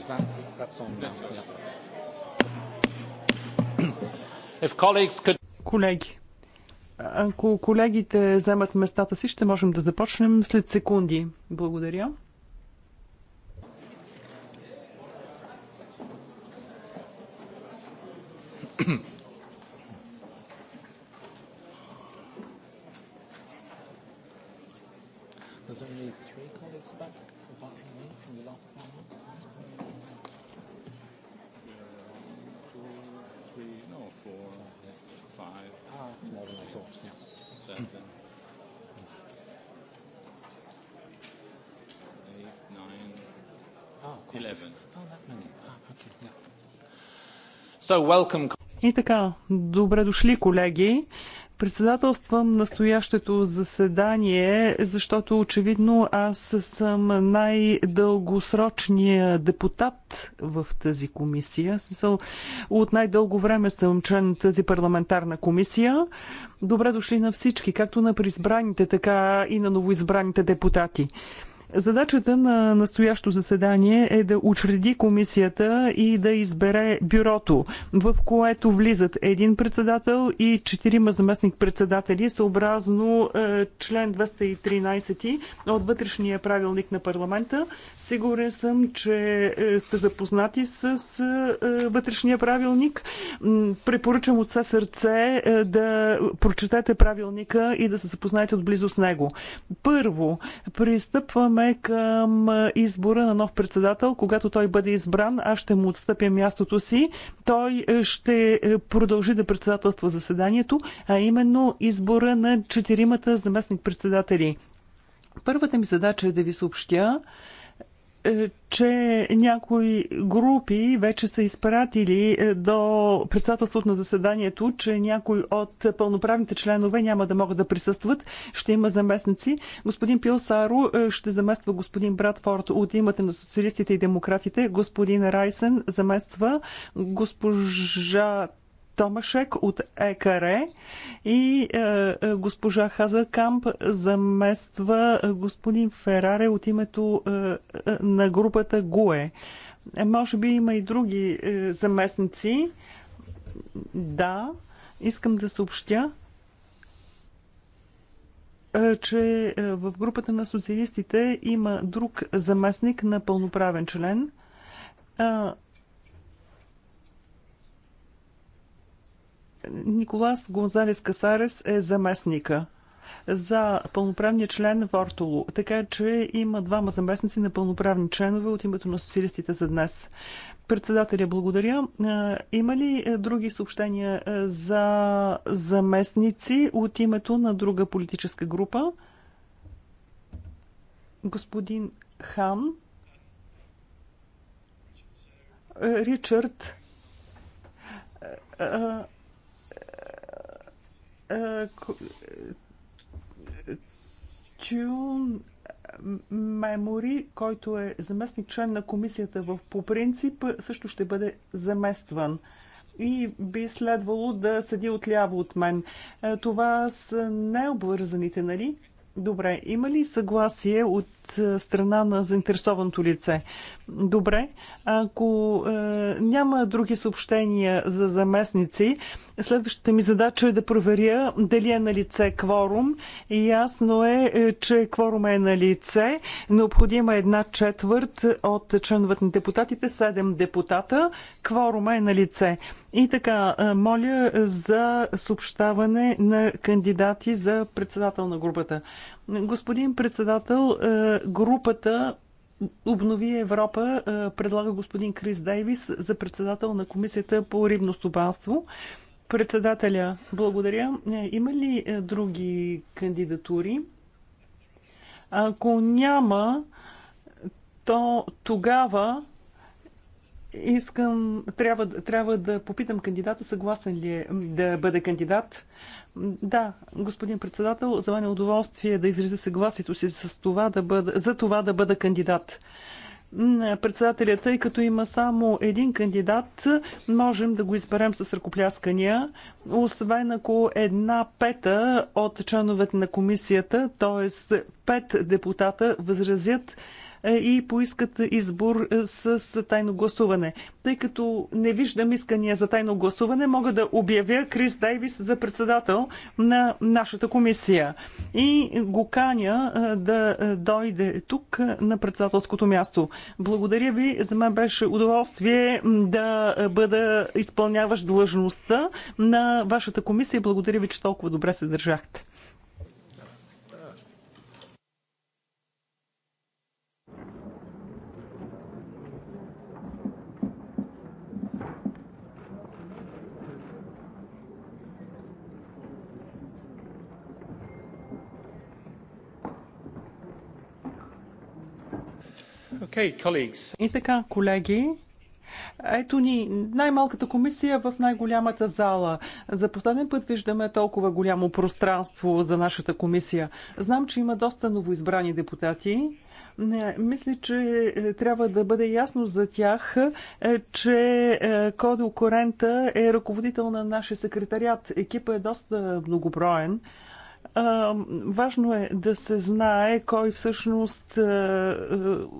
Is that that's on now? Yeah. If colleagues could... Колеги, ако колегите вземат местата си, ще можем да започнем след секунди. Благодаря. There's only three colleagues back, apart from me, from the last panel. Yeah, Two, three, no, four, yeah. five. Ah, it's more than I thought, yeah. Seven. Eight, nine, ah, 11. Oh, that many. Ah, okay, yeah. So, welcome. И така, добре дошли, колеги. Председателствам настоящето заседание, защото очевидно аз съм най-дългосрочния депутат в тази комисия. В смисъл, от най-дълго време съм член на тази парламентарна комисия. Добре дошли на всички, както на призбраните, така и на новоизбраните депутати. Задачата на настоящо заседание е да учреди комисията и да избере бюрото, в което влизат един председател и четирима заместник-председатели, съобразно е, член 213 от вътрешния правилник на парламента. Сигурен съм, че е, сте запознати с е, вътрешния правилник. Препоръчам от все сърце да прочетете правилника и да се запознаете отблизо с него. Първо, пристъпваме пристъпваме към избора на нов председател. Когато той бъде избран, аз ще му отстъпя мястото си. Той ще продължи да председателства заседанието, а именно избора на четиримата заместник-председатели. Първата ми задача е да ви съобщя, е, че някои групи вече са изпратили е, до председателството на заседанието, че някои от пълноправните членове няма да могат да присъстват. Ще има заместници. Господин Пилсаро е, ще замества господин Братфорд от имата на социалистите и демократите. Господин Райсен замества госпожа Томашек от ЕКАРЕ и е, е, госпожа госпожа Камп замества е, господин Фераре от името на групата ГУЕ. Може би има и други заместници. Да, искам да съобщя, че в групата на социалистите има друг заместник на пълноправен член. Николас Гонзалес Касарес е заместника за пълноправния член Вортоло. Така че има двама заместници на пълноправни членове от името на социалистите за днес. Председателя, благодаря. Има ли други съобщения за заместници от името на друга политическа група? Господин Хан. Ричард. Тюн Мемори, който е заместник член на комисията в, по принцип, също ще бъде заместван и би следвало да седи отляво от мен. Това са необвързаните, нали? Добре, има ли съгласие от е, страна на заинтересованото лице. Добре, ако е, няма други съобщения за заместници, следващата ми задача е да проверя дали е на лице кворум. И ясно е, е, че кворум е на лице. Необходима е една четвърт от членовете на депутатите, седем депутата. кворум е на лице. И така, е, моля за съобщаване на кандидати за председател на групата. Господин председател, е, групата Обнови Европа е, предлага господин Крис Дейвис за председател на Комисията по рибно стопанство. Председателя, благодаря. Е, има ли други кандидатури? Ако няма, то тогава искам, трябва, трябва да попитам кандидата, съгласен ли е да бъде кандидат. Да, господин председател, за мен е удоволствие да изразя съгласието си с това да бъда, за това да бъда кандидат Председателят, тъй като има само един кандидат, можем да го изберем с ръкопляскания, освен ако една пета от членовете на комисията, т.е. пет депутата, възразят е, и поискат избор е, с тайно гласуване. Тъй като не виждам искания за тайно гласуване, мога да обявя Крис Дайвис за председател на нашата комисия. И го каня е, да дойде тук на председателското място. Благодаря ви. За мен беше удоволствие да бъда изпълняващ длъжността на вашата комисия. Благодаря ви, че толкова добре се държахте. И така, колеги, ето ни най-малката комисия в най-голямата зала. За последен път виждаме толкова голямо пространство за нашата комисия. Знам, че има доста новоизбрани депутати. Не, мисля, че е, трябва да бъде ясно за тях, е, че е, Кодо Корента е ръководител на нашия секретарят. Екипа е доста многоброен важно е да се знае кой всъщност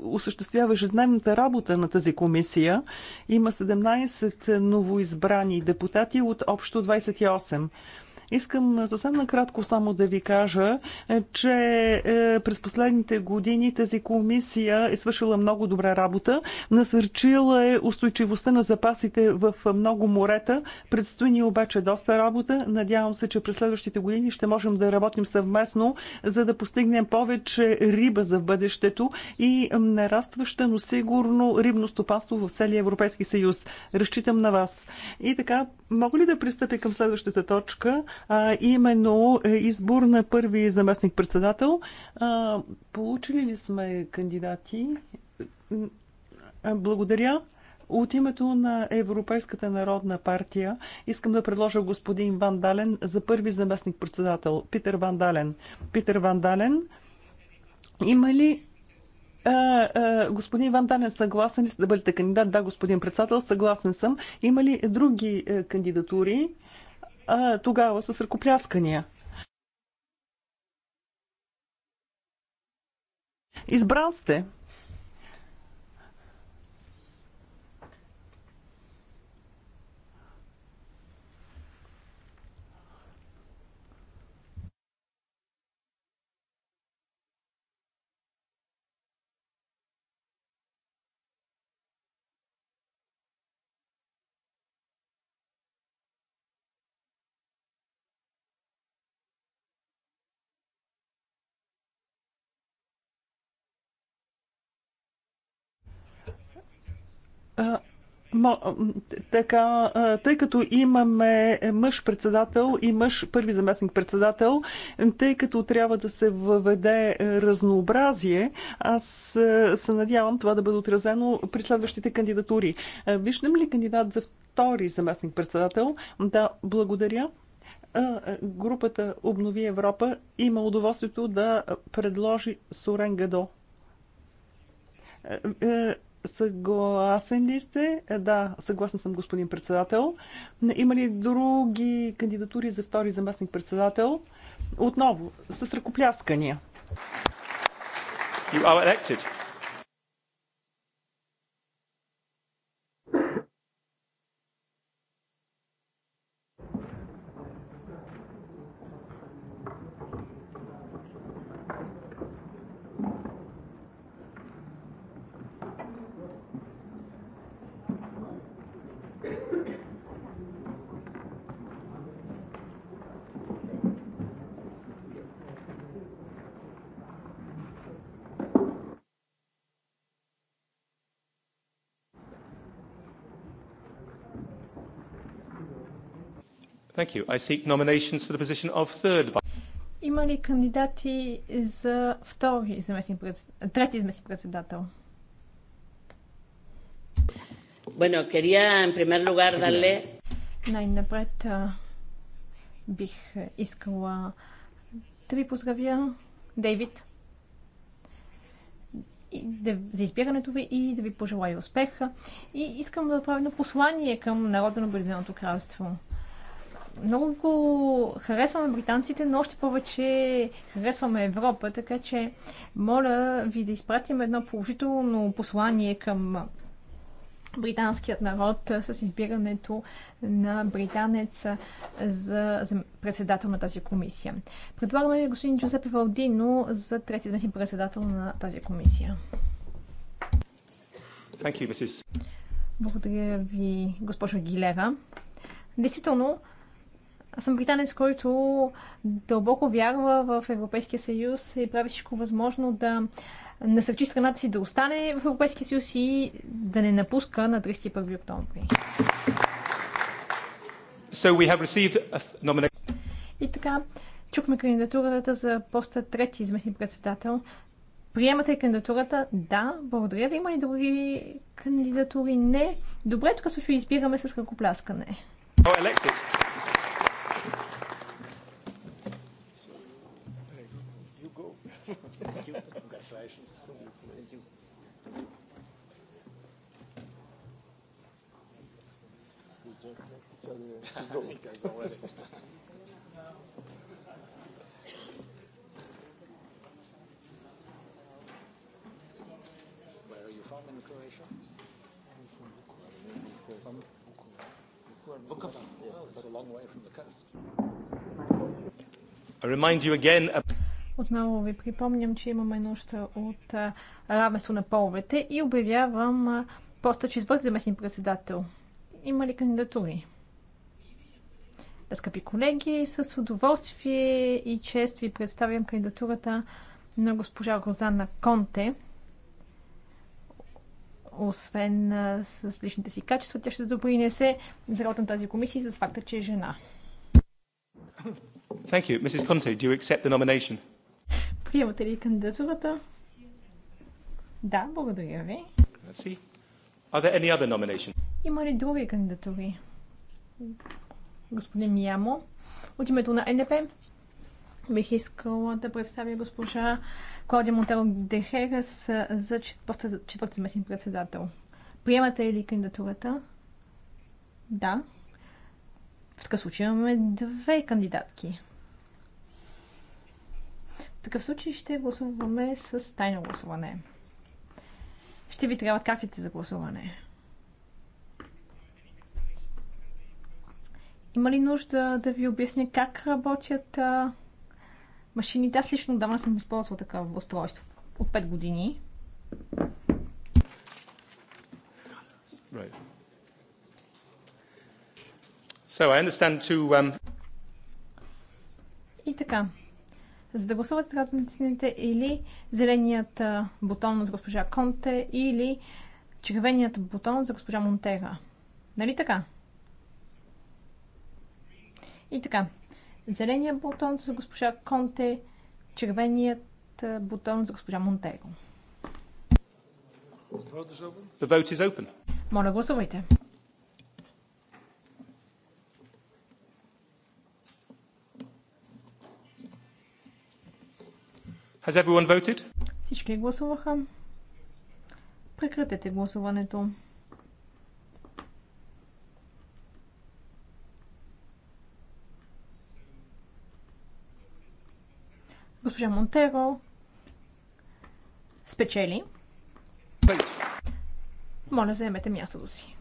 осъществява ежедневната работа на тази комисия. Има 17 новоизбрани депутати от общо 28. Искам съвсем накратко само да ви кажа, е, че е, през последните години тази комисия е свършила много добра работа. Насърчила е устойчивостта на запасите в много морета. Предстои ни обаче доста работа. Надявам се, че през следващите години ще можем да работим съвместно, за да постигнем повече риба за бъдещето и нарастваща, но сигурно рибно стопанство в целия Европейски съюз. Разчитам на вас. И така, мога ли да пристъпя към следващата точка? а, именно е, избор на първи заместник-председател. получили ли сме кандидати? Благодаря. От името на Европейската народна партия искам да предложа господин Ван Дален за първи заместник-председател. Питер Ван Дален. Питер Ван Дален. Има ли а, а, господин Ван Дален, съгласен ли сте да бъдете кандидат? Да, господин председател, съгласен съм. Има ли други а, е, кандидатури? а, тогава с ръкопляскания. Избрал сте. така, тъй като имаме мъж председател и мъж първи заместник председател, тъй като трябва да се въведе разнообразие, аз се надявам това да бъде отразено при следващите кандидатури. Виждам ли кандидат за втори заместник председател? Да, благодаря. Групата Обнови Европа има удоволствието да предложи Сорен Гадо Съгласен ли сте? Е, да, съгласен съм, господин председател. Има ли други кандидатури за втори заместник председател? Отново, с ръкопляскания. You are elected. Thank you. I seek nominations for the position of third Има ли кандидати за втори заместник председател, трети заместник председател? Bueno, quería en primer lugar darle... Най-напред бих искала да ви поздравя, Дейвид, за избирането ви и да ви пожелая успеха. И искам да направя едно послание към Народно на Обединеното кралство – много харесваме британците, но още повече харесваме Европа, така че моля ви да изпратим едно положително послание към британският народ с избирането на британец за председател на тази комисия. Предлагаме господин Джузепе Валдино за трети заместник председател на тази комисия. Thank you, Mrs. Благодаря ви, госпожо Гилера. Действително, аз съм британец, който дълбоко вярва в Европейския съюз и прави всичко възможно да насърчи страната си да остане в Европейския съюз и да не напуска на 31 октомври. So we have received a и така, чухме кандидатурата за поста трети изместни председател. Приемате кандидатурата? Да. Благодаря ви. Има ли други кандидатури? Не. Добре, тук също избираме с ръкопляскане. Oh, elected. each other. I think that's already. Where are you from in Croatia? I'm from Vukovar. From Vukovar. Vukovar. Oh, it's a long way from the coast. I remind you again. Отново ви припомням, че имаме нужда от равенство на половете и обявявам поста четвърти заместник председател. Има ли кандидатури? Да, скъпи колеги, с удоволствие и чест ви представям кандидатурата на госпожа Розана Конте. Освен с личните си качества, тя ще допринесе за работа на тази комисия и за факта, че е жена. Thank you. Mrs. Conte, do you accept the nomination? Приемате ли кандидатурата? Да, благодаря ви. Are there any other nominations? Има ли други кандидатури? Господин Миямо, от името на НДП бих искала да представя госпожа Клодия Монтел Дехерес за четвърти заместник председател. Приемате ли кандидатурата? Да. В такъв случай имаме две кандидатки. В такъв случай ще гласуваме с тайно гласуване. Ще ви трябват картите за гласуване. Има ли нужда да ви обясня как работят а, машините? Аз лично давна съм използвала такава устройство. От 5 години. Right. So I understand to, um... И така. За да гласувате, трябва да натиснете или зеленият бутон за госпожа Конте, или червеният бутон за госпожа Монтега. Нали така? И така, зеленият бутон за госпожа Конте, червеният бутон за госпожа Монтего. The vote is open. Моля, гласувайте. Has everyone voted? Всички гласуваха. Прекратете гласуването. госпожа Монтеро спечели. Моля, заемете мястото си.